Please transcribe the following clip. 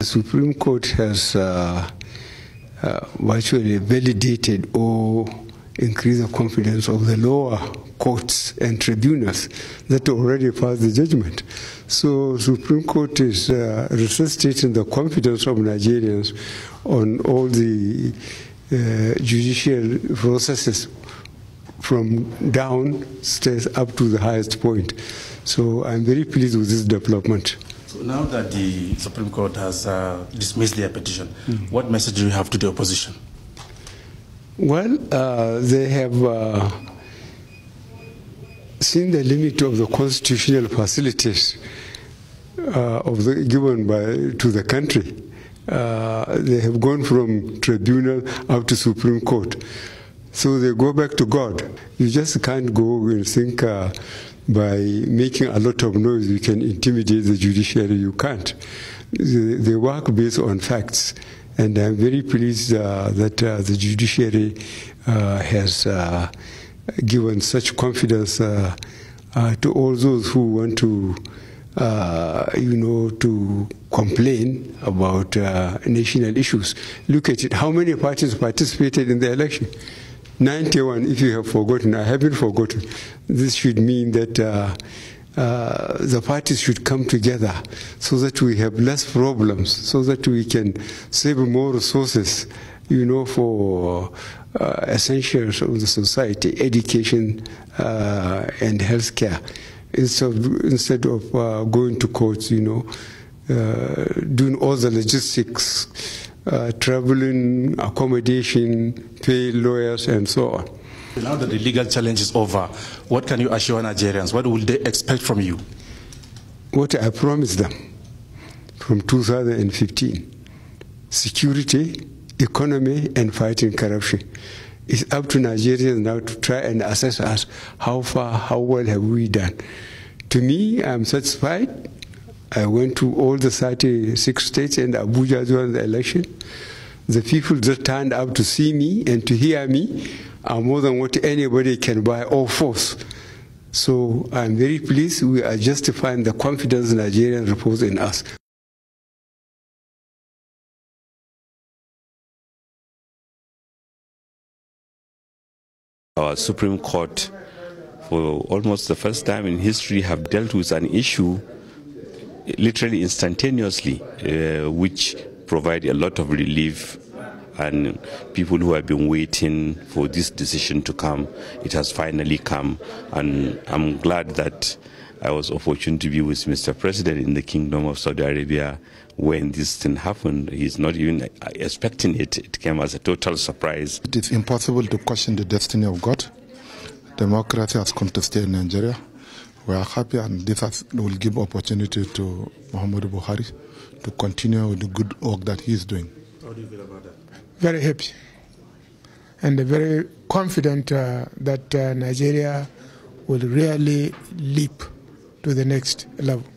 The Supreme Court has uh, uh, virtually validated or increased the confidence of the lower courts and tribunals that already passed the judgment. So Supreme Court is uh, resuscitating the confidence of Nigerians on all the uh, judicial processes from downstairs up to the highest point. So I'm very pleased with this development. So now that the Supreme Court has uh, dismissed their petition, mm -hmm. what message do you have to the opposition? Well, uh, they have uh, seen the limit of the constitutional facilities uh, of the, given by to the country. Uh, they have gone from tribunal up to Supreme Court. So they go back to God. You just can't go and think uh, by making a lot of noise, you can intimidate the judiciary. You can't. They work based on facts. And I'm very pleased uh, that uh, the judiciary uh, has uh, given such confidence uh, uh, to all those who want to, you know, to complain about national issues. Look at it. How many parties participated in the election? 91, if you have forgotten, I haven't forgotten. This should mean that uh, uh, the parties should come together so that we have less problems, so that we can save more resources, you know, for uh, essentials of the society, education uh, and healthcare, instead of, instead of uh, going to courts, you know, uh, doing all the logistics uh, traveling, accommodation, pay lawyers, and so on. Now that the legal challenge is over, what can you assure Nigerians? What will they expect from you? What I promised them from 2015 security, economy, and fighting corruption. It's up to Nigerians now to try and assess us how far, how well have we done. To me, I'm satisfied I went to all the 36 states and Abuja as well in the election. The people just turned out to see me and to hear me are more than what anybody can buy or force. So I'm very pleased we are justifying the confidence Nigerians repose in us. Our Supreme Court, for almost the first time in history, have dealt with an issue literally instantaneously, uh, which provide a lot of relief and people who have been waiting for this decision to come, it has finally come. And I'm glad that I was fortunate to be with Mr. President in the Kingdom of Saudi Arabia when this thing happened. He's not even expecting it. It came as a total surprise. It's impossible to question the destiny of God. Democracy has come to stay in Nigeria we are happy and this has, will give opportunity to Muhammad Buhari to continue with the good work that he is doing. How do you feel about that? Very happy and very confident uh, that uh, Nigeria will really leap to the next level.